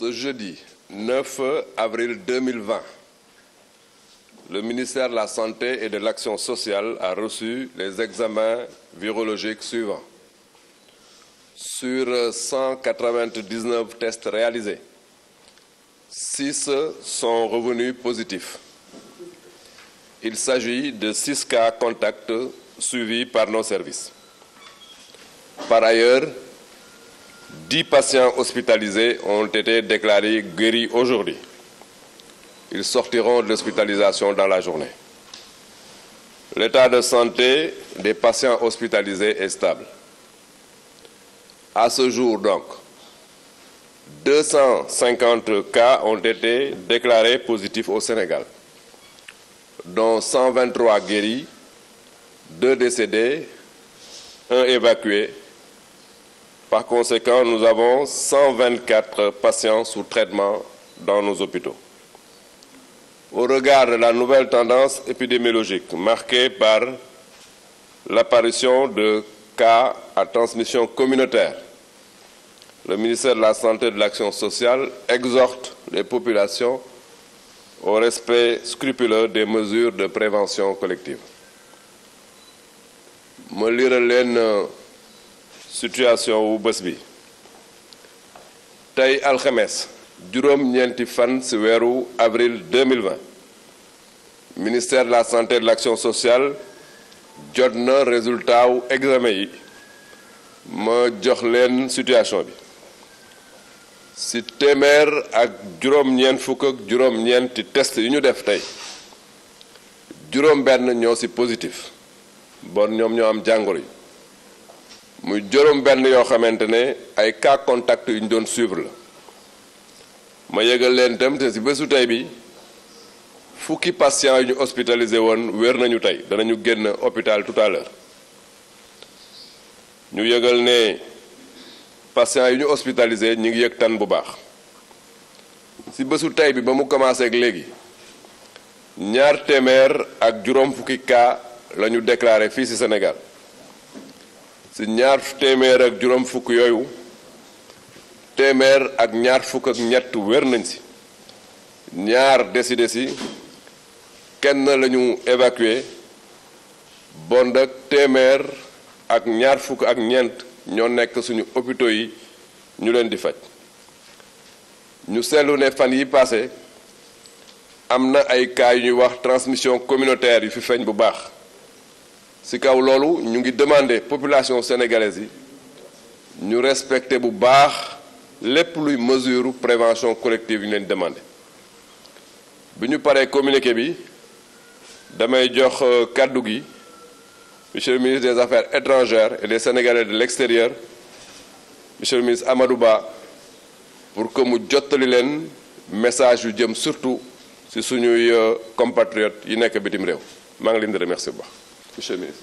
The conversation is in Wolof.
ce jeudi 9 avril 2020, le ministère de la Santé et de l'Action sociale a reçu les examens virologiques suivants. Sur 199 tests réalisés, 6 sont revenus positifs. Il s'agit de 6 cas contacts suivis par nos services. Par ailleurs, 10 patients hospitalisés ont été déclarés guéris aujourd'hui. Ils sortiront de l'hospitalisation dans la journée. L'état de santé des patients hospitalisés est stable. À ce jour donc, 250 cas ont été déclarés positifs au Sénégal, dont 123 guéris, 2 décédés, 1 évacué par conséquent, nous avons 124 patients sous traitement dans nos hôpitaux. Au regard de la nouvelle tendance épidémiologique marquée par l'apparition de cas à transmission communautaire, le ministère de la Santé et de l'Action sociale exhorte les populations au respect scrupuleux des mesures de prévention collective. Euh, situation wu bés bi tey alxames juróom-ñeenti fan ci weeru avril 2020 ministère de la santé et de l'action sociale jot résultat wu examen yi ma jox leen situation bi ci téeméer ak juróom-ñeent fukk ak juróom-ñeenti test yi ñu def tey juróom-benn ñoo positif bon ñoom ñoo am muy jorom benn yoo xamante ne ay cas contact yu ñu doon suivre la ma yëgal leen itam te ci bésu tey bi fukki patient yu ñu hospitalisé woon wér nañu tey danañu génn hôpital tout à l'heure ñu yëgal ne patient yu ñu hospitalisé ñu ngi yëg tan bu baax ci bésu tey bi ba mu commencé ak léegi ñaar téeméer ak juróom fukki cas la ñu déclaré fii ci Sénégal si ñaar téeméer ak juróom fukk yooyu téeméer ak ñaar fukk ak ñett wér nañ si ñaar décédé si kenn lañu ñu évacué bond ak téeméer ak ñaar fukk ak ñeent ñoo nekk suñu hôpitaux yi ñu leen di faj ñu seetlu ne fan yi passé am na ay cas yu ñuy wax transmission communautaire yu fi feeñ bu baax si kaw loolu ñu ngi demander population sénégalaise de respecter les baax de luy prévention collective que ñu leen demander bi ñu paree communiqué bi damay jox euh, kaddu gi monsieur le ministre des affaires étrangères et des sénégalais de l'extérieur monsieur le ministre Amadouba, pour que nous jottali leen message yu jëm surtout ci suñuy euh, compatriotes yi nekk bitim réew maa ngi leen geschimmelt.